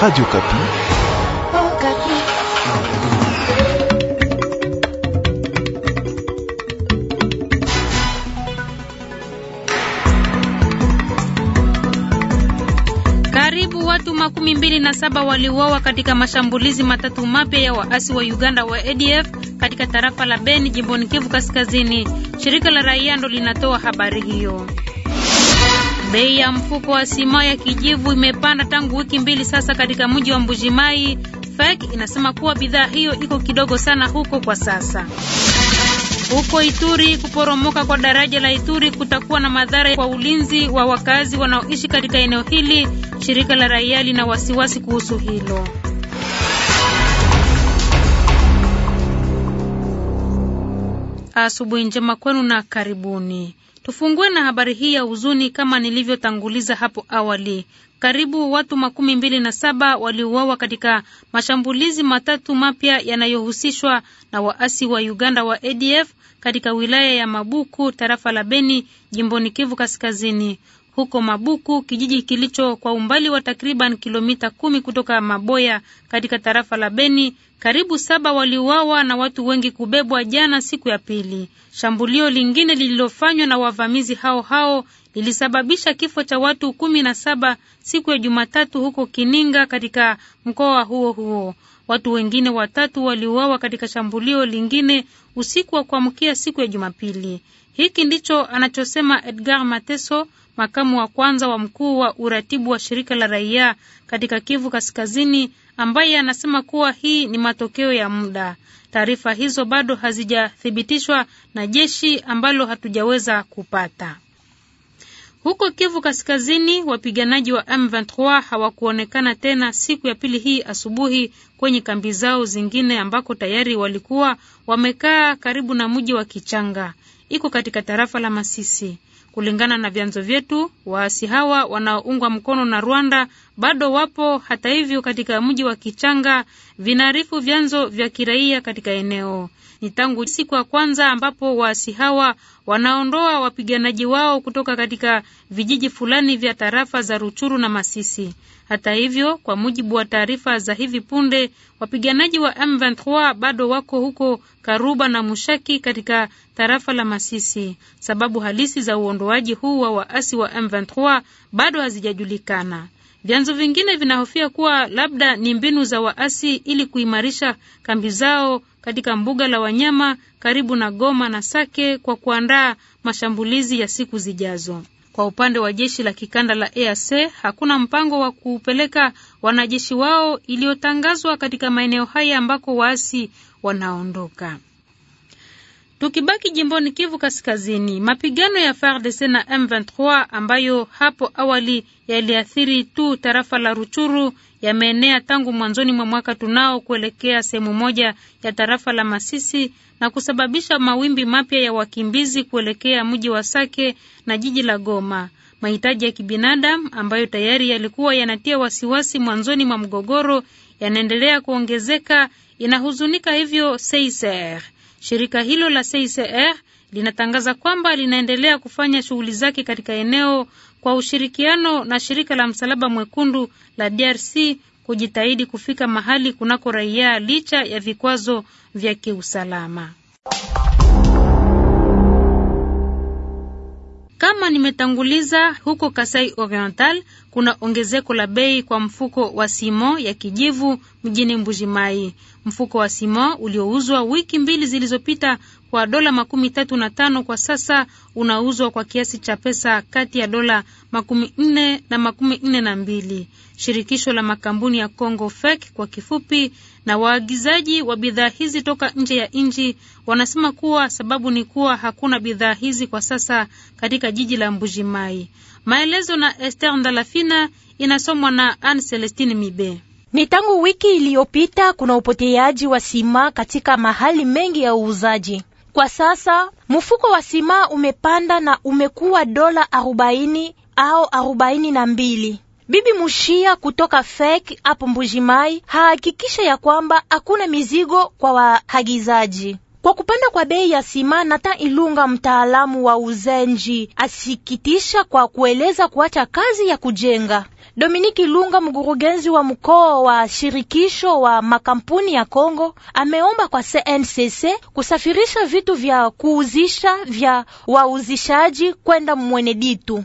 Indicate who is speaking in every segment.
Speaker 1: Radio Kapi. Oh, Kapi. Karibu watu makumi mbili na saba waliuawa katika mashambulizi matatu mapya ya waasi wa Uganda wa ADF katika tarafa la Beni jimboni Kivu Kaskazini. Shirika la raia ndo linatoa habari hiyo. Bei ya mfuko wa sima ya kijivu imepanda tangu wiki mbili sasa katika mji wa Mbujimai. FEC inasema kuwa bidhaa hiyo iko kidogo sana huko kwa sasa. Huko Ituri, kuporomoka kwa daraja la Ituri kutakuwa na madhara kwa ulinzi wa wakazi wanaoishi katika eneo hili. Shirika la raia lina wasiwasi kuhusu hilo. Asubuhi njema kwenu na karibuni. Tufungue na habari hii ya huzuni kama nilivyotanguliza hapo awali. Karibu watu makumi mbili na saba waliuawa katika mashambulizi matatu mapya yanayohusishwa na waasi wa Uganda wa ADF katika wilaya ya Mabuku, tarafa la Beni, jimboni Kivu Kaskazini huko Mabuku, kijiji kilicho kwa umbali wa takriban kilomita kumi kutoka Maboya katika tarafa la Beni. Karibu saba waliuawa na watu wengi kubebwa jana siku ya pili. Shambulio lingine lililofanywa na wavamizi hao hao lilisababisha kifo cha watu kumi na saba siku ya Jumatatu huko Kininga katika mkoa huo huo. Watu wengine watatu waliuawa katika shambulio lingine usiku wa kuamkia siku ya Jumapili. Hiki ndicho anachosema Edgar Mateso, makamu wa kwanza wa mkuu wa uratibu wa shirika la raia katika Kivu Kaskazini, ambaye anasema kuwa hii ni matokeo ya muda. Taarifa hizo bado hazijathibitishwa na jeshi ambalo hatujaweza kupata. Huko Kivu Kaskazini, wapiganaji wa M23 hawakuonekana tena siku ya pili hii asubuhi kwenye kambi zao zingine ambako tayari walikuwa wamekaa karibu na mji wa Kichanga, iko katika tarafa la Masisi. Kulingana na vyanzo vyetu, waasi hawa wanaoungwa mkono na Rwanda bado wapo hata hivyo katika mji wa Kichanga, vinaarifu vyanzo vya kiraia katika eneo. Ni tangu siku ya kwanza ambapo waasi hawa wanaondoa wapiganaji wao kutoka katika vijiji fulani vya tarafa za Ruchuru na Masisi. Hata hivyo, kwa mujibu wa taarifa za hivi punde, wapiganaji wa M23 bado wako huko Karuba na Mushaki katika tarafa la Masisi. Sababu halisi za uondoaji huu wa waasi wa M23 bado hazijajulikana. Vyanzo vingine vinahofia kuwa labda ni mbinu za waasi ili kuimarisha kambi zao katika mbuga la wanyama karibu na Goma na Sake kwa kuandaa mashambulizi ya siku zijazo. Kwa upande wa jeshi la kikanda la EAC hakuna mpango wa kuupeleka wanajeshi wao iliyotangazwa katika maeneo haya ambako waasi wanaondoka. Tukibaki jimboni Kivu Kaskazini, mapigano ya FARDC na M23 ambayo hapo awali yaliathiri tu tarafa la Ruchuru yameenea tangu mwanzoni mwa mwaka tunao kuelekea sehemu moja ya tarafa la Masisi na kusababisha mawimbi mapya ya wakimbizi kuelekea mji wa Sake na jiji la Goma. Mahitaji ya kibinadamu ambayo tayari yalikuwa yanatia wasiwasi mwanzoni mwa mgogoro yanaendelea kuongezeka, inahuzunika hivyo CICR. Shirika hilo la CICR linatangaza kwamba linaendelea kufanya shughuli zake katika eneo kwa ushirikiano na shirika la Msalaba Mwekundu la DRC kujitahidi kufika mahali kunako raia licha ya vikwazo vya kiusalama. Kama nimetanguliza huko Kasai Oriental kuna ongezeko la bei kwa mfuko wa simo ya kijivu mjini Mbujimai. Mfuko wa simo uliouzwa wiki mbili zilizopita wa dola makumi tatu na tano kwa sasa unauzwa kwa kiasi cha pesa kati ya dola makumi nne na makumi nne na mbili. Shirikisho la makampuni ya Congo FEC kwa kifupi, na waagizaji wa bidhaa hizi toka nje ya nchi wanasema kuwa sababu ni kuwa hakuna bidhaa hizi kwa sasa katika jiji la Mbujimai. Maelezo na Esther Ndalafina, inasomwa na Anne Celestine Mibe. Ni tangu wiki iliyopita kuna upoteaji wa sima katika mahali mengi ya uuzaji. Kwa sasa mfuko wa simaa umepanda na umekuwa dola arobaini au arobaini na mbili. Bibi Mushia kutoka fek hapo Mbujimai hahakikisha ya kwamba hakuna mizigo kwa wahagizaji kwa kupanda kwa bei ya sima, ta Ilunga, mtaalamu wa uzenji, asikitisha kwa kueleza kuacha kazi ya kujenga. Dominiki lunga mkurugenzi wa mkoa wa shirikisho wa makampuni ya Kongo, ameomba kwa CNCC kusafirisha vitu vya kuuzisha vya wauzishaji kwenda Mweneditu.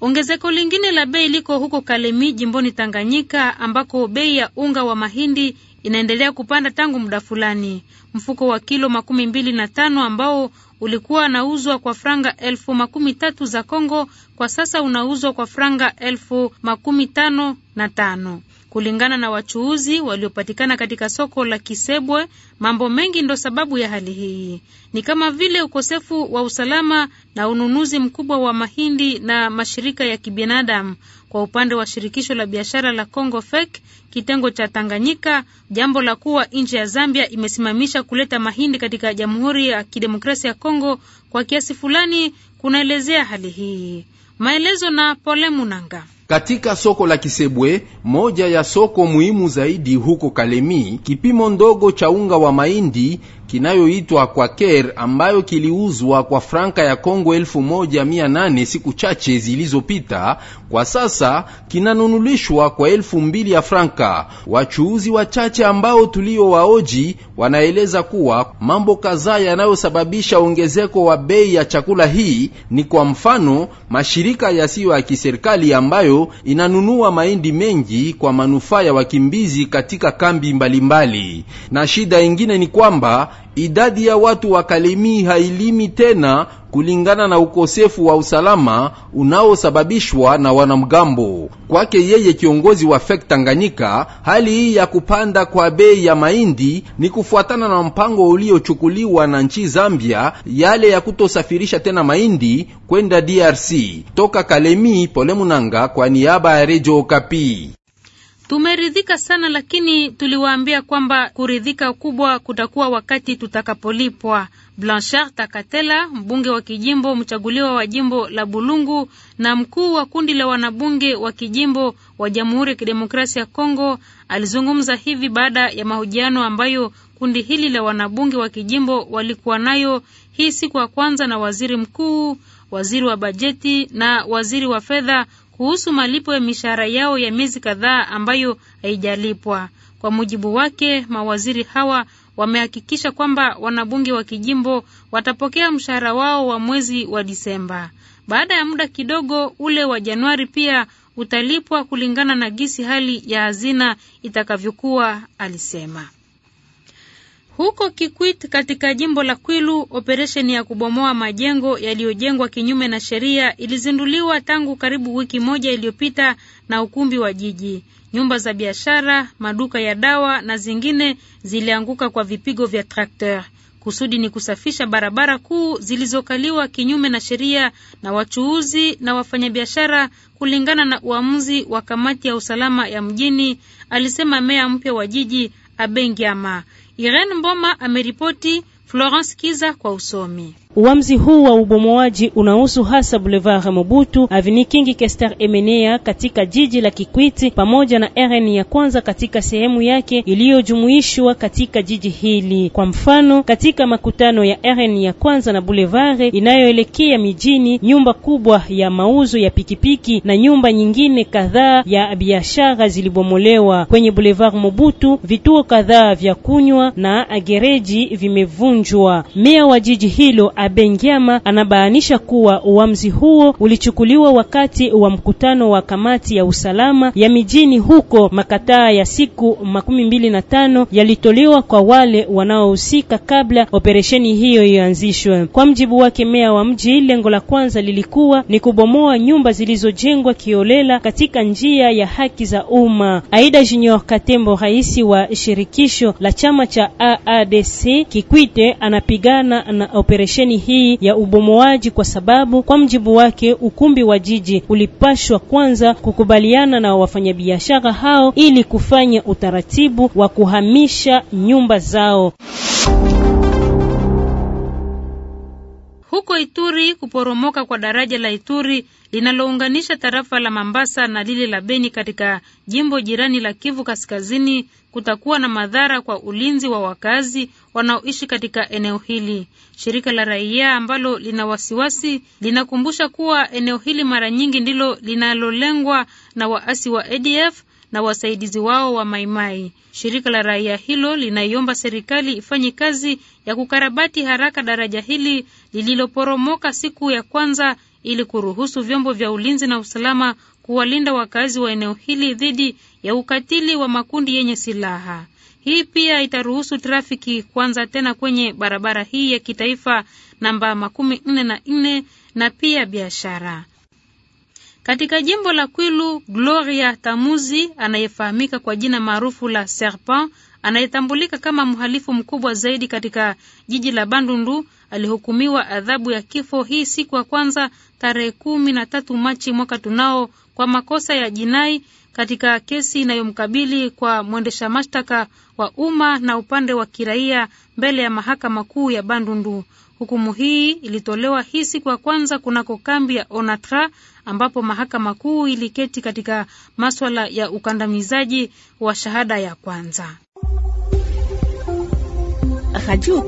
Speaker 1: Ongezeko lingine la bei liko huko Kalemi, jimboni Tanganyika, ambako bei ya unga wa mahindi inaendelea kupanda tangu muda fulani. Mfuko wa kilo makumi mbili na tano ambao ulikuwa unauzwa kwa franga elfu makumi tatu za Kongo kwa sasa unauzwa kwa franga elfu makumi tano na tano. Kulingana na wachuuzi waliopatikana katika soko la Kisebwe, mambo mengi ndo sababu ya hali hii, ni kama vile ukosefu wa usalama na ununuzi mkubwa wa mahindi na mashirika ya kibinadamu. Kwa upande wa shirikisho la biashara la Congo FEC kitengo cha Tanganyika, jambo la kuwa nchi ya Zambia imesimamisha kuleta mahindi katika Jamhuri ya Kidemokrasia ya congo kwa kiasi fulani kunaelezea hali hii. Maelezo na Pole Munanga.
Speaker 2: Katika soko la Kisebwe, moja ya soko muhimu zaidi huko Kalemi, kipimo ndogo cha unga wa mahindi kinayoitwa Aquaker ambayo kiliuzwa kwa franka ya Kongo 1800 siku chache zilizopita, kwa sasa kinanunulishwa kwa 2000 ya franka. Wachuuzi wachache ambao tuliowaoji wanaeleza kuwa mambo kadhaa yanayosababisha ongezeko wa bei ya chakula hii ni kwa mfano mashirika yasiyo ya kiserikali ambayo inanunua mahindi mengi kwa manufaa ya wakimbizi katika kambi mbalimbali mbali. Na shida ingine ni kwamba idadi ya watu wa kalemi hailimi tena kulingana na ukosefu wa usalama unaosababishwa na wanamgambo. Kwake yeye, kiongozi wa fek Tanganyika, hali hii ya kupanda kwa bei ya mahindi ni kufuatana na mpango uliochukuliwa na nchi Zambia, yale ya kutosafirisha tena mahindi kwenda DRC. Toka kalemi Pole Munanga kwa niaba ya Radio Okapi.
Speaker 1: Tumeridhika sana lakini tuliwaambia kwamba kuridhika kubwa kutakuwa wakati tutakapolipwa. Blanchard Takatela, mbunge wa kijimbo mchaguliwa wa jimbo la Bulungu na mkuu wa kundi la wanabunge wa kijimbo wa Jamhuri ya Kidemokrasia ya Kongo, alizungumza hivi baada ya mahojiano ambayo kundi hili la wanabunge wa kijimbo walikuwa nayo hii siku ya kwanza na waziri mkuu, waziri wa bajeti na waziri wa fedha kuhusu malipo ya mishahara yao ya miezi kadhaa ambayo haijalipwa. Kwa mujibu wake, mawaziri hawa wamehakikisha kwamba wanabunge wa kijimbo watapokea mshahara wao wa mwezi wa Disemba. Baada ya muda kidogo, ule wa Januari pia utalipwa kulingana na gisi hali ya hazina itakavyokuwa, alisema. Huko Kikwit katika jimbo la Kwilu, operesheni ya kubomoa majengo yaliyojengwa kinyume na sheria ilizinduliwa tangu karibu wiki moja iliyopita na ukumbi wa jiji. Nyumba za biashara, maduka ya dawa na zingine zilianguka kwa vipigo vya trakter. Kusudi ni kusafisha barabara kuu zilizokaliwa kinyume na sheria na wachuuzi na wafanyabiashara, kulingana na uamuzi wa kamati ya usalama ya mjini, alisema meya mpya wa jiji Abengiama. Irene Mboma ameripoti, Florence Kiza kwa usomi.
Speaker 3: Uamzi huu wa ubomoaji unahusu hasa Boulevard Mobutu, Avenue King Kester Emenea katika jiji la Kikwiti pamoja na RN ya kwanza katika sehemu yake iliyojumuishwa katika jiji hili. Kwa mfano, katika makutano ya RN ya kwanza na Boulevard inayoelekea mijini, nyumba kubwa ya mauzo ya pikipiki na nyumba nyingine kadhaa ya biashara zilibomolewa. Kwenye Boulevard Mobutu, vituo kadhaa vya kunywa na gereji vimevunjwa. Meya wa jiji hilo Abengiama anabainisha kuwa uamuzi huo ulichukuliwa wakati wa mkutano wa kamati ya usalama ya mijini huko. Makataa ya siku makumi mbili na tano yalitolewa kwa wale wanaohusika kabla operesheni hiyo ianzishwe. Kwa mjibu wake meya wa mji, lengo la kwanza lilikuwa ni kubomoa nyumba zilizojengwa kiolela katika njia ya haki za umma. Aida Junior Katembo, rais wa shirikisho la chama cha AADC Kikwite, anapigana na operesheni kampeni hii ya ubomoaji kwa sababu kwa mjibu wake ukumbi wa jiji ulipashwa kwanza kukubaliana na wafanyabiashara hao ili kufanya utaratibu wa kuhamisha nyumba zao.
Speaker 1: Huko Ituri, kuporomoka kwa daraja la Ituri linalounganisha tarafa la Mambasa na lile la Beni katika jimbo jirani la Kivu Kaskazini kutakuwa na madhara kwa ulinzi wa wakazi wanaoishi katika eneo hili. Shirika la raia ambalo lina wasiwasi linakumbusha kuwa eneo hili mara nyingi ndilo linalolengwa na waasi wa ADF na wasaidizi wao wa Maimai. Shirika la raia hilo linaiomba serikali ifanye kazi ya kukarabati haraka daraja hili lililoporomoka siku ya kwanza ili kuruhusu vyombo vya ulinzi na usalama kuwalinda wakazi wa eneo hili dhidi ya ukatili wa makundi yenye silaha. Hii pia itaruhusu trafiki kuanza tena kwenye barabara hii ya kitaifa namba makumi nne na nne na pia biashara. Katika jimbo la Kwilu, Gloria Tamuzi anayefahamika kwa jina maarufu la Serpent, anayetambulika kama mhalifu mkubwa zaidi katika jiji la Bandundu, alihukumiwa adhabu ya kifo hii siku ya kwanza tarehe kumi na tatu Machi mwaka tunao kwa makosa ya jinai katika kesi inayomkabili kwa mwendesha mashtaka wa umma na upande wa kiraia mbele ya mahakama kuu ya Bandundu. Hukumu hii ilitolewa hii siku ya kwanza kunako kambi ya Onatra ambapo mahakama kuu iliketi katika maswala ya ukandamizaji wa shahada ya kwanza. Radio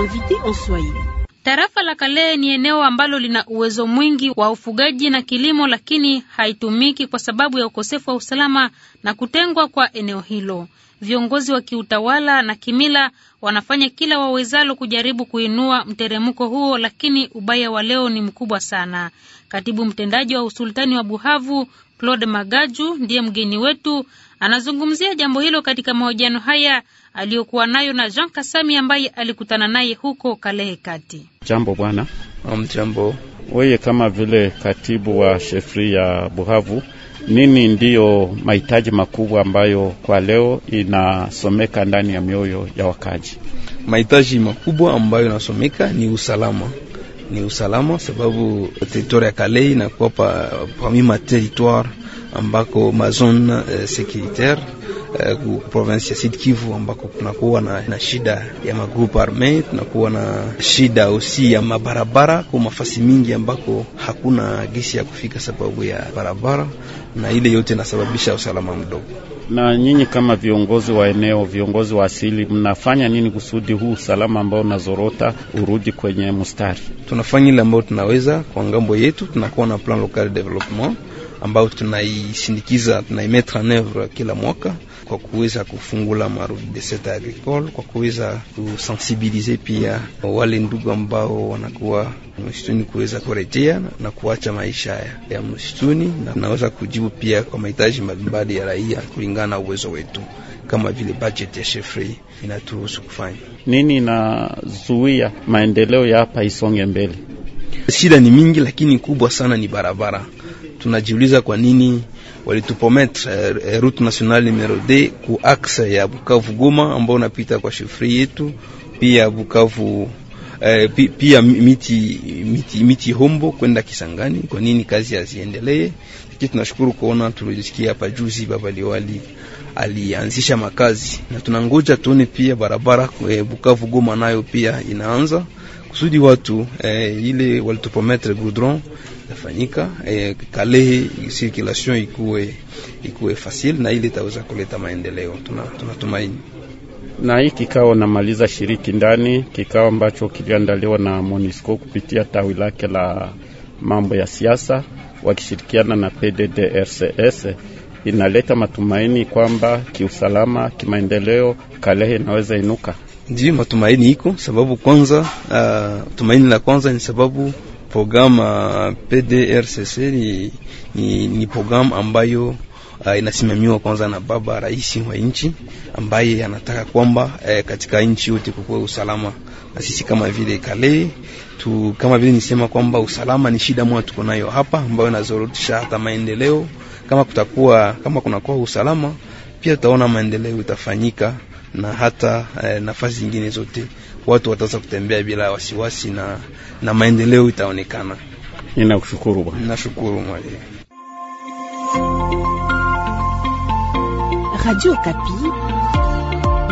Speaker 1: invité en Swahili. Tarafa la Kale ni eneo ambalo lina uwezo mwingi wa ufugaji na kilimo, lakini haitumiki kwa sababu ya ukosefu wa usalama na kutengwa kwa eneo hilo. Viongozi wa kiutawala na kimila wanafanya kila wawezalo kujaribu kuinua mteremko huo, lakini ubaya wa leo ni mkubwa sana. Katibu mtendaji wa usultani wa Buhavu Claude Magaju ndiye mgeni wetu Anazungumzia jambo hilo katika mahojiano haya aliyokuwa nayo na Jean Kasami ambaye alikutana naye huko Kalehe Kati.
Speaker 4: Jambo bwana. Jambo. Weye kama vile katibu wa shefri ya Buhavu, nini ndiyo mahitaji makubwa ambayo kwa leo inasomeka ndani ya mioyo ya wakaji? Mahitaji makubwa ambayo inasomeka ni usalama,
Speaker 5: ni usalama sababu teritoria ya Kalehe inakuwa pa, pamima territoire ambako mazone uh, securitaire eh, province ya Sud Kivu ambako kunakuwa na, na shida ya magrupu arme, kunakuwa na shida osi ya mabarabara kwa mafasi mingi ambako hakuna gisi ya kufika sababu ya barabara, na ile yote inasababisha usalama mdogo.
Speaker 4: Na nyinyi kama viongozi wa eneo, viongozi wa asili, mnafanya nini kusudi huu usalama ambao unazorota urudi kwenye mstari? Tunafanya ile ambayo tunaweza kwa ngambo yetu, tunakuwa na plan local development ambayo
Speaker 5: tunaisindikiza tunaimetre en oeuvre kila mwaka kwa kuweza kufungula marudi de sete agricole, kwa kuweza kusensibilize pia wale ndugu ambao wanakuwa msituni kuweza kurejea na kuacha maisha ya msituni, na tunaweza kujibu pia kwa mahitaji mbalimbali ya raia kulingana na uwezo wetu, kama vile budget ya shefri inaturuhusu kufanya
Speaker 4: nini. Inazuia maendeleo ya hapa isonge mbele. Shida ni mingi, lakini kubwa sana ni barabara tunajiuliza kwa
Speaker 5: nini walitupometre eh, route nationale numero 2 ku axe ya Bukavu Goma ambao unapita kwa shifri yetu pia Bukavu eh, pia miti, miti, miti Hombo kwenda Kisangani. Kwa nini kazi haziendelee? Lakini tunashukuru kuona tulisikia hapa juzi baba liwali alianzisha makazi na tunangoja tuone pia barabara eh, Bukavu Goma nayo pia inaanza kusudi watu eh, ile walitupometre goudron itafanyika e, kalehi sirkulation ikuwe ikuwe fasili na ili itaweza kuleta maendeleo, tunatumaini
Speaker 4: tuna na hii kikao namaliza shiriki ndani kikao ambacho kiliandaliwa na Monisco kupitia tawi lake la mambo ya siasa wakishirikiana na PDDRCS inaleta matumaini kwamba kiusalama, kimaendeleo Kalehe inaweza inuka.
Speaker 5: Ndiyo matumaini
Speaker 4: iko sababu, kwanza uh, tumaini la
Speaker 5: kwanza ni sababu programu euh, PDRCC ni, ni, ni programu ambayo Uh, inasimamiwa kwanza na baba rais wa nchi ambaye anataka kwamba uh, katika nchi yote kukuwe usalama, na sisi kama vile kale tu, kama vile nisema kwamba usalama ni shida moja tuko nayo hapa ambayo inazorotisha hata maendeleo. Kama kutakuwa kama kunakuwa usalama, pia tutaona maendeleo itafanyika na hata uh, nafasi zingine zote watu wataanza kutembea bila wasiwasi na, na maendeleo itaonekana. Ninakushukuru bwana. Nashukuru mwalimu.
Speaker 3: Radio Kapi,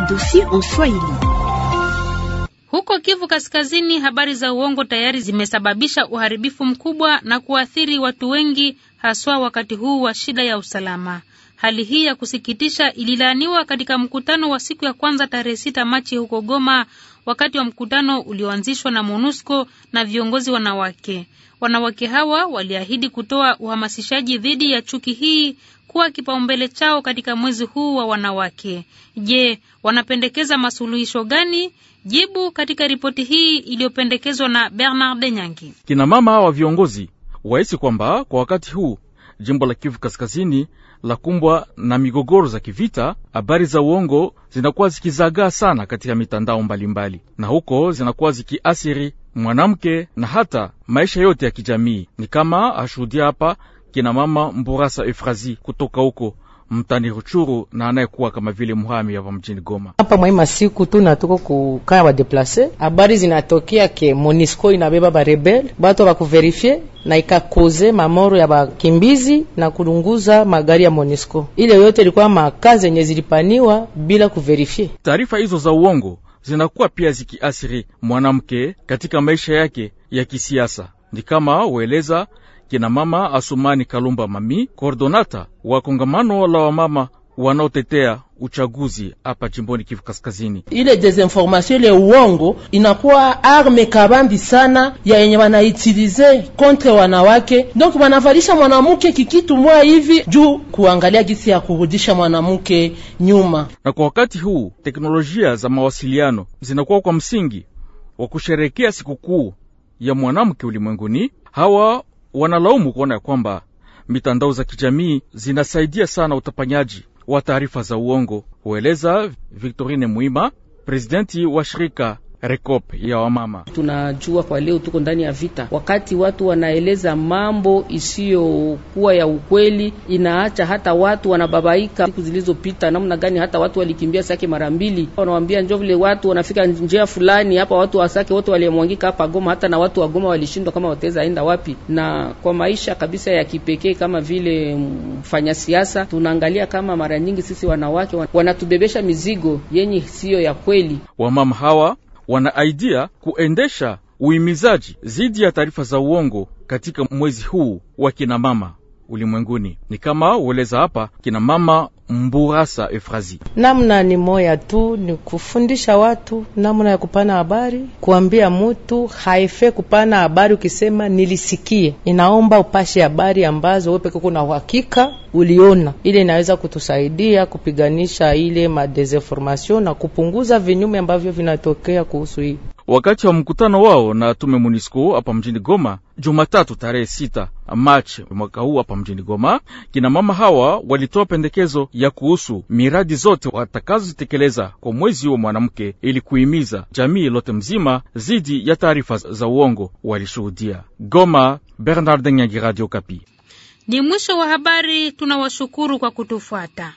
Speaker 3: dossier en Swahili.
Speaker 1: Huko Kivu Kaskazini, habari za uongo tayari zimesababisha uharibifu mkubwa na kuathiri watu wengi, haswa wakati huu wa shida ya usalama. Hali hii ya kusikitisha ililaaniwa katika mkutano wa siku ya kwanza tarehe sita Machi huko Goma, wakati wa mkutano ulioanzishwa na MONUSCO na viongozi wanawake. Wanawake hawa waliahidi kutoa uhamasishaji dhidi ya chuki hii kuwa kipaumbele chao katika mwezi huu wa wanawake. Je, wanapendekeza masuluhisho gani? Jibu katika ripoti hii iliyopendekezwa na Bernard Nyangi.
Speaker 6: Kina mama wa viongozi wahisi kwamba kwa wakati huu jimbo la Kivu Kaskazini la kumbwa na migogoro za kivita. Habari za uongo zinakuwa zikizagaa sana katika mitandao mbalimbali mbali, na huko zinakuwa zikiathiri mwanamke na hata maisha yote ya kijamii, ni kama ashuhudia hapa kina mama Mburasa Efrazi kutoka huko mtani Ruchuru na anayekuwa kama vile muhami hapa mjini Goma.
Speaker 3: Hapa mwaima siku tu natuko wa wadeplase, habari zinatokea ke Monisco inabeba rebel bato bakuverifie na ikakoze mamoro ya bakimbizi na kulunguza magari ya Monisco. Ile yote ilikuwa makazi yenye zilipaniwa bila kuverifie.
Speaker 6: Taarifa hizo za uongo zinakuwa pia zikiathiri mwanamke katika maisha yake ya kisiasa, ni kama weleza kina mama Asumani Kalumba Mami, kordonata wa kongamano la wamama wanaotetea uchaguzi hapa jimboni Kivu Kaskazini.
Speaker 2: Ile desinformation ile uongo inakuwa arme kabambi sana ya yenye wanaitilize kontre wanawake, donc wanavalisha mwanamke kikitu mwa hivi juu kuangalia gisi
Speaker 6: ya kurudisha mwanamke nyuma. Na kwa wakati huu teknolojia za mawasiliano zinakuwa kwa msingi wa kusherekea sikukuu ya mwanamke ulimwenguni. Hawa wanalaumu kuona ya kwamba mitandao za kijamii zinasaidia sana utapanyaji wa taarifa za uongo, hueleza Victorine Mwima, presidenti wa shirika Recop ya wamama.
Speaker 3: Tunajua kwa leo tuko ndani ya vita, wakati watu wanaeleza mambo isiyokuwa ya ukweli, inaacha hata watu wanababaika. Siku zilizopita namna gani hata watu walikimbia Sake mara mbili, wanawambia njo vile watu wanafika njia fulani hapa, watu wa Sake wote waliemwangika hapa Goma, hata na watu wa Goma walishindwa kama wataweza enda wapi. Na kwa maisha kabisa ya kipekee kama vile mfanyasiasa, tunaangalia kama mara nyingi sisi wanawake wanatubebesha mizigo yenye siyo ya kweli.
Speaker 6: Wamama hawa wanaaidia kuendesha uimizaji zidi ya taarifa za uongo katika mwezi huu wa kinamama ulimwenguni. Ni kama ueleza hapa kina mama Mburasa Efrazi,
Speaker 3: namna ni moya tu, ni kufundisha watu namna ya kupana habari, kuambia mutu haife kupana habari. Ukisema nilisikie, inaomba upashe habari ambazo wewe kuna uhakika uliona, ile inaweza kutusaidia kupiganisha ile madesinformation na kupunguza vinyume ambavyo vinatokea kuhusu hii
Speaker 6: wakati wa mkutano wao na tume MONUSCO hapa mjini Goma Jumatatu tarehe 6 Machi mwaka huu hapa mjini Goma, kina mama hawa walitoa pendekezo ya kuhusu miradi zote watakazozitekeleza kwa mwezi wa mwanamke ili kuhimiza jamii lote mzima dhidi ya taarifa za uongo walishuhudia. Goma, Bernard Nyangi, Radio Kapi.
Speaker 1: Ni mwisho wa habari, tunawashukuru kwa kutufuata.